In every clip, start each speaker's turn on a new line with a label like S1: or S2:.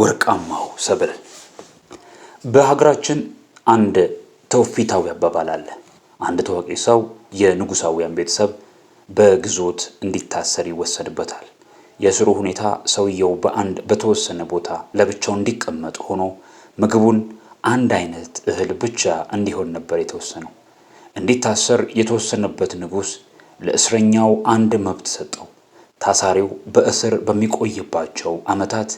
S1: ወርቃማው ሰብል። በሀገራችን አንድ ተውፊታዊ አባባል አለ። አንድ ታዋቂ ሰው የንጉሳውያን ቤተሰብ በግዞት እንዲታሰር ይወሰድበታል። የስሩ ሁኔታ ሰውየው በአንድ በተወሰነ ቦታ ለብቻው እንዲቀመጥ ሆኖ ምግቡን አንድ አይነት እህል ብቻ እንዲሆን ነበር የተወሰነው። እንዲታሰር የተወሰነበት ንጉስ ለእስረኛው አንድ መብት ሰጠው። ታሳሪው በእስር በሚቆይባቸው ዓመታት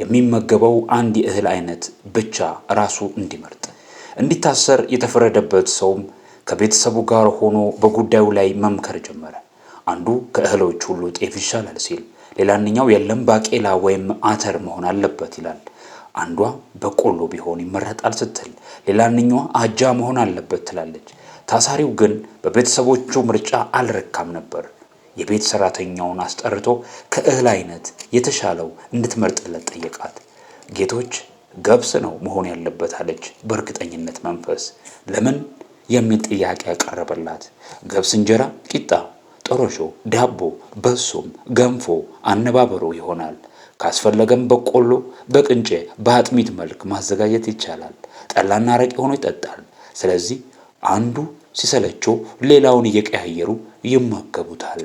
S1: የሚመገበው አንድ የእህል አይነት ብቻ ራሱ እንዲመርጥ እንዲታሰር የተፈረደበት ሰውም ከቤተሰቡ ጋር ሆኖ በጉዳዩ ላይ መምከር ጀመረ። አንዱ ከእህሎች ሁሉ ጤፍ ይሻላል ሲል፣ ሌላኛው የለም ባቄላ ወይም አተር መሆን አለበት ይላል። አንዷ በቆሎ ቢሆን ይመረጣል ስትል፣ ሌላኛዋ አጃ መሆን አለበት ትላለች። ታሳሪው ግን በቤተሰቦቹ ምርጫ አልረካም ነበር። የቤት ሰራተኛውን አስጠርቶ ከእህል አይነት የተሻለው እንድትመርጥለት ጠየቃት። ጌቶች ገብስ ነው መሆን ያለበት አለች በእርግጠኝነት መንፈስ። ለምን የሚል ጥያቄ ያቀረበላት። ገብስ እንጀራ፣ ቂጣ፣ ጠሮሾ፣ ዳቦ፣ በሶም፣ ገንፎ አነባበሩ ይሆናል። ካስፈለገም በቆሎ በቅንጨ በአጥሚት መልክ ማዘጋጀት ይቻላል። ጠላና አረቄ ሆኖ ይጠጣል። ስለዚህ አንዱ ሲሰለቸው ሌላውን እየቀያየሩ ይመገቡታል።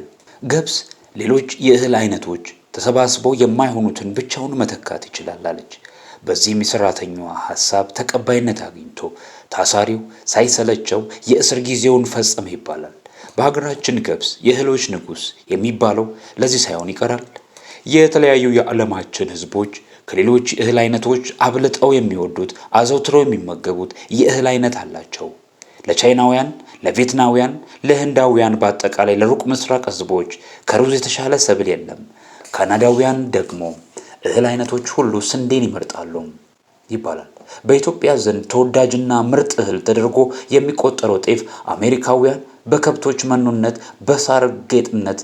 S1: ገብስ፣ ሌሎች የእህል አይነቶች ተሰባስበው የማይሆኑትን ብቻውን መተካት ይችላል አለች። በዚህም የሰራተኛዋ ሐሳብ ተቀባይነት አግኝቶ ታሳሪው ሳይሰለቸው የእስር ጊዜውን ፈጸመ ይባላል። በሀገራችን ገብስ የእህሎች ንጉሥ የሚባለው ለዚህ ሳይሆን ይቀራል። የተለያዩ የዓለማችን ሕዝቦች ከሌሎች እህል አይነቶች አብልጠው የሚወዱት አዘውትረው የሚመገቡት የእህል አይነት አላቸው። ለቻይናውያን፣ ለቪየትናውያን፣ ለህንዳውያን በአጠቃላይ ለሩቅ ምስራቅ ህዝቦች ከሩዝ የተሻለ ሰብል የለም። ካናዳውያን ደግሞ እህል አይነቶች ሁሉ ስንዴን ይመርጣሉ ይባላል። በኢትዮጵያ ዘንድ ተወዳጅና ምርጥ እህል ተደርጎ የሚቆጠረው ጤፍ አሜሪካውያን በከብቶች መኖነት በሳር ጌጥነት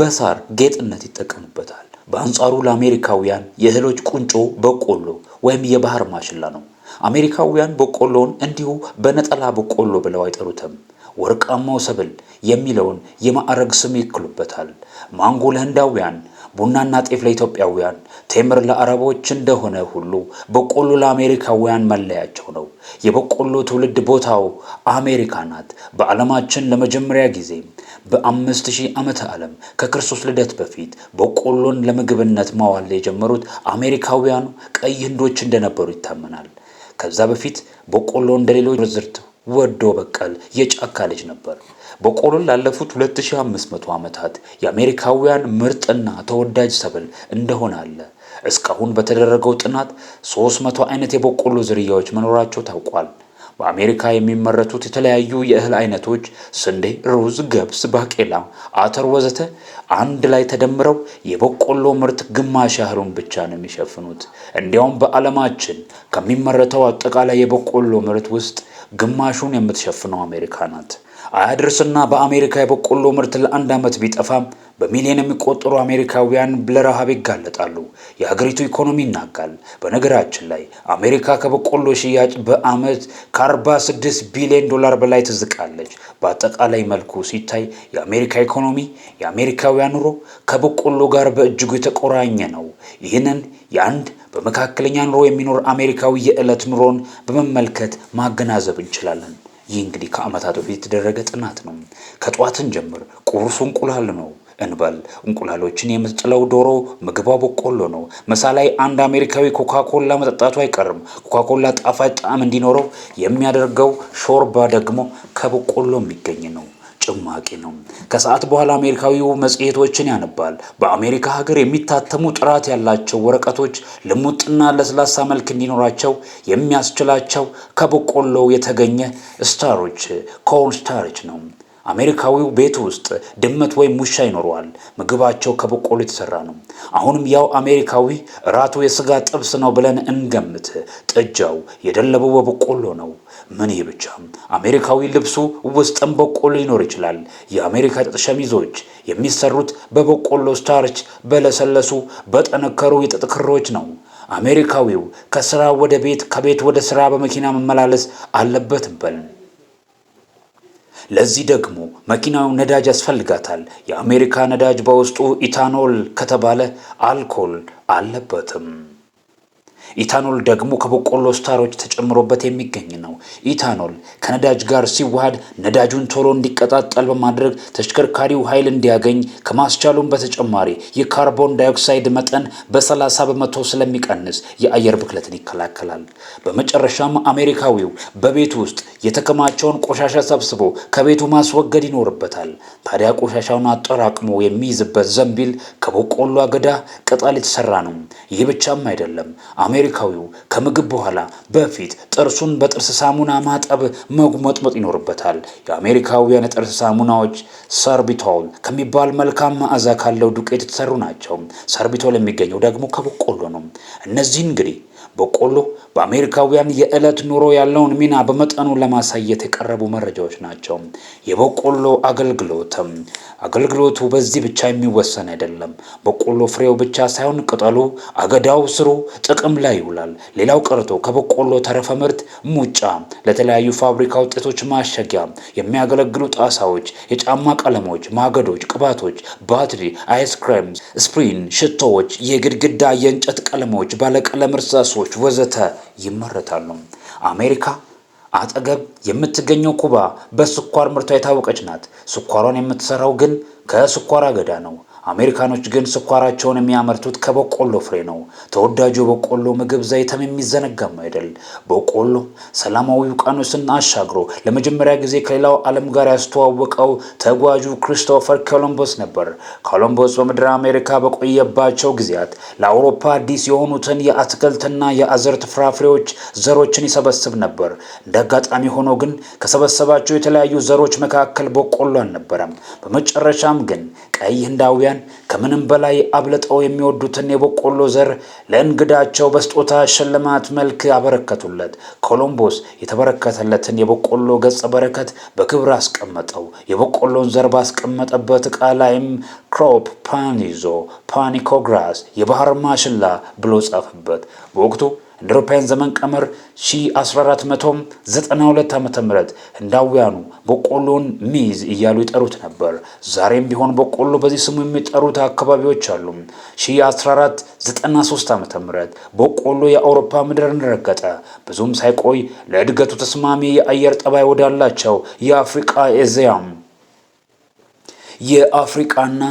S1: በሳር ጌጥነት ይጠቀሙበታል። በአንጻሩ ለአሜሪካውያን የእህሎች ቁንጮ በቆሎ ወይም የባህር ማሽላ ነው። አሜሪካውያን በቆሎን እንዲሁ በነጠላ በቆሎ ብለው አይጠሩትም። ወርቃማው ሰብል የሚለውን የማዕረግ ስም ይክሉበታል። ማንጎ ለህንዳውያን፣ ቡናና ጤፍ ለኢትዮጵያውያን፣ ቴምር ለአረቦች እንደሆነ ሁሉ በቆሎ ለአሜሪካውያን መለያቸው ነው። የበቆሎ ትውልድ ቦታው አሜሪካ ናት። በዓለማችን ለመጀመሪያ ጊዜ በአምስት ሺህ ዓመተ ዓለም ከክርስቶስ ልደት በፊት በቆሎን ለምግብነት ማዋል የጀመሩት አሜሪካውያኑ ቀይ ህንዶች እንደነበሩ ይታመናል። ከዛ በፊት በቆሎ እንደሌሎች ዝርት ወዶ በቀል የጫካ ልጅ ነበር። በቆሎን ላለፉት 2500 ዓመታት የአሜሪካውያን ምርጥና ተወዳጅ ሰብል እንደሆነ አለ። እስካሁን በተደረገው ጥናት 300 አይነት የበቆሎ ዝርያዎች መኖራቸው ታውቋል። በአሜሪካ የሚመረቱት የተለያዩ የእህል አይነቶች ስንዴ፣ ሩዝ፣ ገብስ፣ ባቄላ፣ አተር ወዘተ አንድ ላይ ተደምረው የበቆሎ ምርት ግማሽ ያህሉን ብቻ ነው የሚሸፍኑት። እንዲያውም በዓለማችን ከሚመረተው አጠቃላይ የበቆሎ ምርት ውስጥ ግማሹን የምትሸፍነው አሜሪካ ናት። አያድርስና በአሜሪካ የበቆሎ ምርት ለአንድ ዓመት ቢጠፋም በሚሊዮን የሚቆጠሩ አሜሪካውያን ለረሃብ ይጋለጣሉ። የሀገሪቱ ኢኮኖሚ ይናጋል። በነገራችን ላይ አሜሪካ ከበቆሎ ሽያጭ በዓመት ከ46 ቢሊዮን ዶላር በላይ ትዝቃለች። በአጠቃላይ መልኩ ሲታይ የአሜሪካ ኢኮኖሚ፣ የአሜሪካውያን ኑሮ ከበቆሎ ጋር በእጅጉ የተቆራኘ ነው። ይህንን የአንድ በመካከለኛ ኑሮ የሚኖር አሜሪካዊ የዕለት ኑሮን በመመልከት ማገናዘብ እንችላለን። ይህ እንግዲህ ከአመታት በፊት የተደረገ ጥናት ነው። ከጠዋትን ጀምር ቁርሱ እንቁላል ነው እንበል። እንቁላሎችን የምትጥለው ዶሮ፣ ምግቧ በቆሎ ነው። ምሳ ላይ አንድ አሜሪካዊ ኮካኮላ መጠጣቱ አይቀርም። ኮካኮላ ጣፋጭ ጣዕም እንዲኖረው የሚያደርገው ሾርባ ደግሞ ከበቆሎ የሚገኝ ነው። ጭማቂ ነው። ከሰዓት በኋላ አሜሪካዊው መጽሔቶችን ያነባል። በአሜሪካ ሀገር የሚታተሙ ጥራት ያላቸው ወረቀቶች ልሙጥና ለስላሳ መልክ እንዲኖራቸው የሚያስችላቸው ከበቆሎ የተገኘ ስታሮች ኮርን ስታርች ነው። አሜሪካዊው ቤት ውስጥ ድመት ወይም ውሻ ይኖረዋል። ምግባቸው ከበቆሎ የተሰራ ነው። አሁንም ያው አሜሪካዊ እራቱ የስጋ ጥብስ ነው ብለን እንገምት። ጥጃው የደለበው በበቆሎ ነው። ምን ይህ ብቻ። አሜሪካዊ ልብሱ ውስጥም በቆሎ ሊኖር ይችላል። የአሜሪካ ጥጥ ሸሚዞች የሚሰሩት በበቆሎ ስታርች በለሰለሱ በጠነከሩ የጥጥ ክሮች ነው። አሜሪካዊው ከስራ ወደ ቤት ከቤት ወደ ስራ በመኪና መመላለስ አለበት በልን። ለዚህ ደግሞ መኪናው ነዳጅ ያስፈልጋታል። የአሜሪካ ነዳጅ በውስጡ ኢታኖል ከተባለ አልኮል አለበትም። ኢታኖል ደግሞ ከበቆሎ ስታሮች ተጨምሮበት የሚገኝ ነው። ኢታኖል ከነዳጅ ጋር ሲዋሃድ ነዳጁን ቶሎ እንዲቀጣጠል በማድረግ ተሽከርካሪው ኃይል እንዲያገኝ ከማስቻሉም በተጨማሪ የካርቦን ዳይኦክሳይድ መጠን በ30 በመቶ ስለሚቀንስ የአየር ብክለትን ይከላከላል። በመጨረሻም አሜሪካዊው በቤት ውስጥ የተከማቸውን ቆሻሻ ሰብስቦ ከቤቱ ማስወገድ ይኖርበታል። ታዲያ ቆሻሻውን አጠራቅሞ የሚይዝበት ዘንቢል ከበቆሎ አገዳ ቅጠል የተሰራ ነው። ይህ ብቻም አይደለም። አሜሪካዊው ከምግብ በኋላ በፊት ጥርሱን በጥርስ ሳሙና ማጠብ መጉመጥመጥ ይኖርበታል። የአሜሪካውያን የጥርስ ሳሙናዎች ሰርቢቶል ከሚባል መልካም መዓዛ ካለው ዱቄት የተሰሩ ናቸው። ሰርቢቶል የሚገኘው ደግሞ ከበቆሎ ነው። እነዚህ እንግዲህ በቆሎ በአሜሪካውያን የዕለት ኑሮ ያለውን ሚና በመጠኑ ለማሳየት የቀረቡ መረጃዎች ናቸው። የበቆሎ አገልግሎት አገልግሎቱ በዚህ ብቻ የሚወሰን አይደለም። በቆሎ ፍሬው ብቻ ሳይሆን ቅጠሉ፣ አገዳው፣ ስሩ ጥቅም ላይ ይውላል። ሌላው ቀርቶ ከበቆሎ ተረፈ ምርት ሙጫ፣ ለተለያዩ ፋብሪካ ውጤቶች ማሸጊያ የሚያገለግሉ ጣሳዎች፣ የጫማ ቀለሞች፣ ማገዶች፣ ቅባቶች፣ ባትሪ፣ አይስክሬም፣ ስፕሪን፣ ሽቶዎች፣ የግድግዳ የእንጨት ቀለሞች፣ ባለቀለም እርሳሶ ምርቶች ወዘተ ይመረታሉ። አሜሪካ አጠገብ የምትገኘው ኩባ በስኳር ምርቷ የታወቀች ናት። ስኳሯን የምትሰራው ግን ከስኳር አገዳ ነው። አሜሪካኖች ግን ስኳራቸውን የሚያመርቱት ከበቆሎ ፍሬ ነው። ተወዳጁ የበቆሎ ምግብ ዘይትም የሚዘነጋም አይደል። በቆሎ ሰላማዊ ውቅያኖስን አሻግሮ ለመጀመሪያ ጊዜ ከሌላው ዓለም ጋር ያስተዋወቀው ተጓዡ ክሪስቶፈር ኮሎምቦስ ነበር። ኮሎምቦስ በምድር አሜሪካ በቆየባቸው ጊዜያት ለአውሮፓ አዲስ የሆኑትን የአትክልትና የአዝርት ፍራፍሬዎች ዘሮችን ይሰበስብ ነበር። እንደ አጋጣሚ ሆኖ ግን ከሰበሰባቸው የተለያዩ ዘሮች መካከል በቆሎ አልነበረም። በመጨረሻም ግን ቀይ ህንዳውያን ከምንም በላይ አብልጠው የሚወዱትን የበቆሎ ዘር ለእንግዳቸው በስጦታ ሽልማት መልክ አበረከቱለት። ኮሎምቦስ የተበረከተለትን የበቆሎ ገጸ በረከት በክብር አስቀመጠው። የበቆሎን ዘር ባስቀመጠበት ዕቃ ላይም ክሮፕ ፓኒዞ ፓኒኮግራስ የባህር ማሽላ ብሎ ጻፈበት። በወቅቱ እንደ አውሮፓውያን ዘመን ቀመር 1492 ዓ ም ህንዳውያኑ በቆሎን ሚዝ እያሉ ይጠሩት ነበር። ዛሬም ቢሆን በቆሎ በዚህ ስሙ የሚጠሩት አካባቢዎች አሉ። 1493 ዓ ም በቆሎ የአውሮፓ ምድርን ረገጠ። ብዙም ሳይቆይ ለእድገቱ ተስማሚ የአየር ጠባይ ወዳላቸው የአፍሪቃ ኤዚያም የአፍሪቃና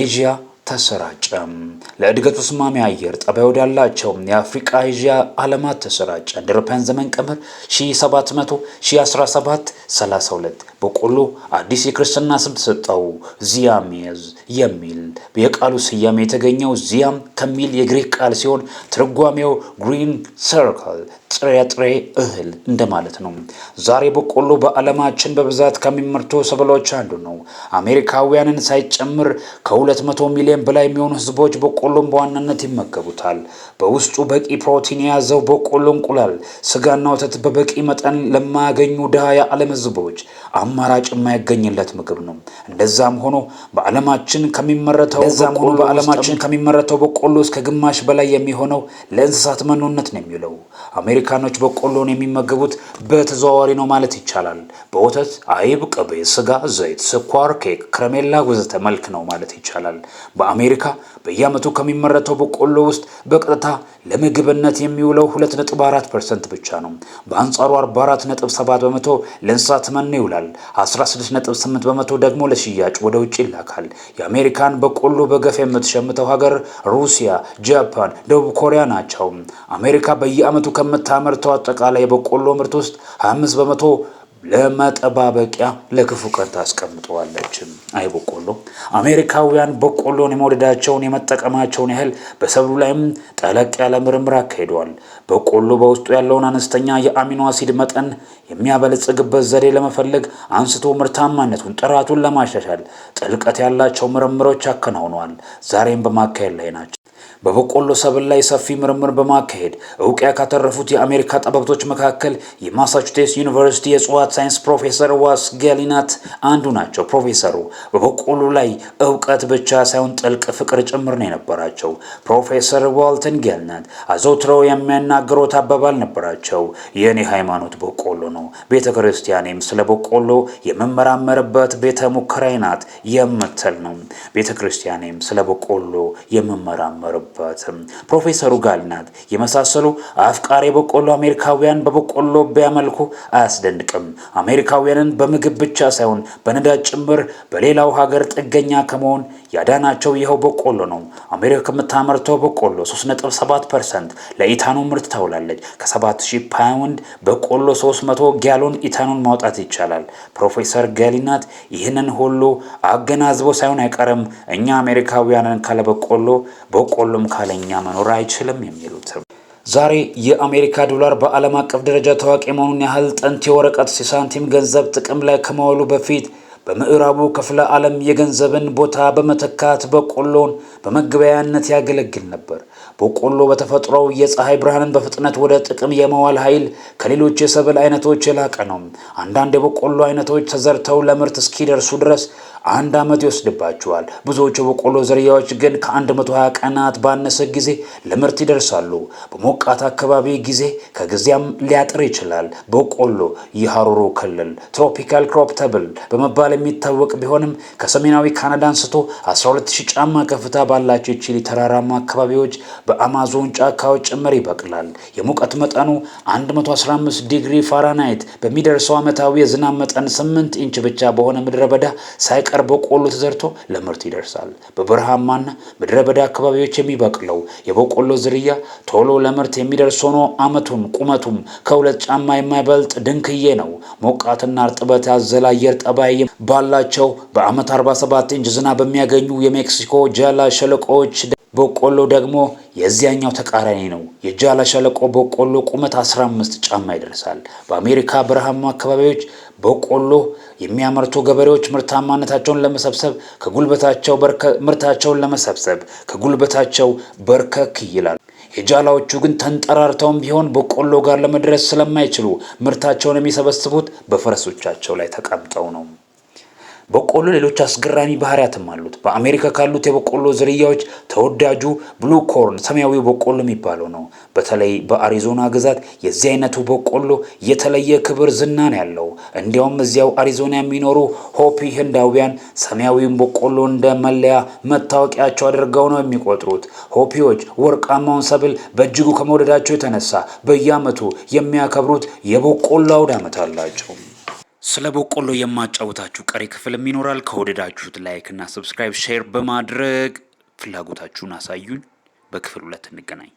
S1: ኤዥያ ተሰራጨም። ለእድገቱ ተስማሚ አየር ጠባይ ወዳላቸው የአፍሪቃ ኤዥያ ዓለማት ተሰራጨ። እንደ አውሮፓውያን ዘመን ቀመር 1700 32 በቆሎ አዲስ የክርስትና ስም ተሰጠው። ዚያሜዝ የሚል የቃሉ ስያሜ የተገኘው ዚያም ከሚል የግሪክ ቃል ሲሆን ትርጓሜው ግሪን ሰርክል ጥራጥሬ እህል እንደማለት ነው። ዛሬ በቆሎ በዓለማችን በብዛት ከሚመርቱ ሰብሎች አንዱ ነው። አሜሪካውያንን ሳይጨምር ከ200 ሚሊዮን በላይ የሚሆኑ ህዝቦች በቆሎን በዋናነት ይመገቡታል። በውስጡ በቂ ፕሮቲን የያዘው በቆሎ እንቁላል፣ ስጋና ወተት በበቂ መጠን ለማያገኙ ድሃ የዓለም ህዝቦች አማራጭ የማይገኝለት ምግብ ነው። እንደዛም ሆኖ በዓለማችን ከሚመረተው በዓለማችን ከሚመረተው በቆሎ እስከ ግማሽ በላይ የሚሆነው ለእንስሳት መኖነት ነው የሚውለው። አሜሪካኖች በቆሎን የሚመገቡት በተዘዋዋሪ ነው ማለት ይቻላል። በወተት፣ አይብ፣ ቅቤ፣ ስጋ፣ ዘይት፣ ስኳር፣ ኬክ፣ ከረሜላ ወዘተ መልክ ነው ማለት ይቻላል። በአሜሪካ በየዓመቱ ከሚመረተው በቆሎ ውስጥ በቀጥታ ለምግብነት የሚውለው 2.4 ፐርሰንት ብቻ ነው። በአንጻሩ 44.7 በመቶ ለእንስሳት መኖ ይውላል። 16.8 በመቶ ደግሞ ለሽያጭ ወደ ውጭ ይላካል። የአሜሪካን በቆሎ በገፍ የምትሸምተው ሀገር ሩሲያ፣ ጃፓን፣ ደቡብ ኮሪያ ናቸው። አሜሪካ በየዓመቱ ከምት ከምታመርተው አጠቃላይ የበቆሎ ምርት ውስጥ አምስት በመቶ ለመጠባበቂያ ለክፉ ቀን ታስቀምጠዋለች። አይ በቆሎ አሜሪካውያን በቆሎን የመውደዳቸውን የመጠቀማቸውን ያህል በሰብሉ ላይም ጠለቅ ያለ ምርምር አካሂደዋል። በቆሎ በውስጡ ያለውን አነስተኛ የአሚኖ አሲድ መጠን የሚያበለጽግበት ዘዴ ለመፈለግ አንስቶ ምርታማነቱን፣ ጥራቱን ለማሻሻል ጥልቀት ያላቸው ምርምሮች አከናውነዋል። ዛሬም በማካሄድ ላይ ናቸው። በበቆሎ ሰብል ላይ ሰፊ ምርምር በማካሄድ እውቅያ ካተረፉት የአሜሪካ ጠበብቶች መካከል የማሳቹሴትስ ዩኒቨርሲቲ የእጽዋት ሳይንስ ፕሮፌሰር ዋስ ጋሊናት አንዱ ናቸው። ፕሮፌሰሩ በበቆሎ ላይ እውቀት ብቻ ሳይሆን ጥልቅ ፍቅር ጭምር ነው የነበራቸው። ፕሮፌሰር ዋልተን ጋሊናት አዘውትረው የሚያናገሩት አባባል ነበራቸው። የእኔ ሃይማኖት በቆሎ ነው፣ ቤተ ክርስቲያኔም ስለ በቆሎ የምመራመርበት ቤተ ሙከራይ ናት የምትል ነው። ቤተ ክርስቲያኔም ስለ በቆሎ የምመራመርበት የለበትም። ፕሮፌሰሩ ጋልናት የመሳሰሉ አፍቃሪ የበቆሎ አሜሪካውያን በበቆሎ ቢያመልኩ አያስደንቅም። አሜሪካውያንን በምግብ ብቻ ሳይሆን በነዳጅ ጭምር በሌላው ሀገር ጥገኛ ከመሆን ያዳናቸው ይኸው በቆሎ ነው። አሜሪካ ከምታመርተው በቆሎ 3.7 ለኢታኖ ምርት ታውላለች። ከ7000 ፓውንድ በቆሎ 300 ጋሎን ኢታኖን ማውጣት ይቻላል። ፕሮፌሰር ገሊናት ይህንን ሁሉ አገናዝቦ ሳይሆን አይቀርም እኛ አሜሪካውያንን ካለ በቆሎ በቆሎም ካለኛ መኖር አይችልም የሚሉት ዛሬ የአሜሪካ ዶላር በዓለም አቀፍ ደረጃ ታዋቂ መሆኑን ያህል ጥንት የወረቀት ሳንቲም ገንዘብ ጥቅም ላይ ከመዋሉ በፊት በምዕራቡ ክፍለ ዓለም የገንዘብን ቦታ በመተካት በቆሎን በመገበያነት ያገለግል ነበር። በቆሎ በተፈጥሮው የፀሐይ ብርሃንን በፍጥነት ወደ ጥቅም የመዋል ኃይል ከሌሎች የሰብል አይነቶች የላቀ ነው። አንዳንድ የበቆሎ አይነቶች ተዘርተው ለምርት እስኪደርሱ ድረስ አንድ ዓመት ይወስድባቸዋል። ብዙዎቹ በቆሎ ዝርያዎች ግን ከ120 ቀናት ባነሰ ጊዜ ለምርት ይደርሳሉ። በሞቃት አካባቢ ጊዜ ከጊዜያም ሊያጥር ይችላል። በቆሎ የሀሩሩ ክልል ትሮፒካል ክሮፕ ተብል በመባል የሚታወቅ ቢሆንም ከሰሜናዊ ካናዳ አንስቶ 12000 ጫማ ከፍታ ባላቸው የቺሊ ተራራማ አካባቢዎች በአማዞን ጫካዎች ጭምር ይበቅላል። የሙቀት መጠኑ 115 ዲግሪ ፋራናይት በሚደርሰው ዓመታዊ የዝናብ መጠን 8 ኢንች ብቻ በሆነ ምድረ በዳ ሳይ ቀር በቆሎ ተዘርቶ ለምርት ይደርሳል። በበረሃማና ምድረ በዳ አካባቢዎች የሚበቅለው የበቆሎ ዝርያ ቶሎ ለምርት የሚደርስ ሆኖ አመቱን ቁመቱም ከሁለት ጫማ የማይበልጥ ድንክዬ ነው። ሞቃትና እርጥበት ያዘለ አየር ጠባይ ባላቸው በአመት 47 ኢንች ዝናብ በሚያገኙ የሜክሲኮ ጃላ ሸለቆዎች በቆሎ ደግሞ የዚያኛው ተቃራኒ ነው። የጃላ ሸለቆ በቆሎ ቁመት 15 ጫማ ይደርሳል። በአሜሪካ በረሃማ አካባቢዎች በቆሎ የሚያመርቱ ገበሬዎች ምርታማነታቸውን ለመሰብሰብ ከጉልበታቸው ምርታቸውን ለመሰብሰብ ከጉልበታቸው በርከክ ይላል። የጃላዎቹ ግን ተንጠራርተውም ቢሆን በቆሎ ጋር ለመድረስ ስለማይችሉ ምርታቸውን የሚሰበስቡት በፈረሶቻቸው ላይ ተቀምጠው ነው። በቆሎ ሌሎች አስገራሚ ባህሪያትም አሉት። በአሜሪካ ካሉት የበቆሎ ዝርያዎች ተወዳጁ ብሉ ኮርን ሰማያዊ በቆሎ የሚባለው ነው። በተለይ በአሪዞና ግዛት የዚህ አይነቱ በቆሎ የተለየ ክብር ዝናን ያለው እንዲያውም እዚያው አሪዞና የሚኖሩ ሆፒ ህንዳውያን ሰማያዊውን በቆሎ እንደ መለያ መታወቂያቸው አድርገው ነው የሚቆጥሩት። ሆፒዎች ወርቃማውን ሰብል በእጅጉ ከመውደዳቸው የተነሳ በየአመቱ የሚያከብሩት የበቆሎ አውድ ዓመት አላቸው። ስለ በቆሎ የማጫወታችሁ ቀሪ ክፍልም ይኖራል። ከወደዳችሁት ላይክ እና ሰብስክራይብ፣ ሼር በማድረግ ፍላጎታችሁን አሳዩኝ። በክፍል ሁለት እንገናኝ።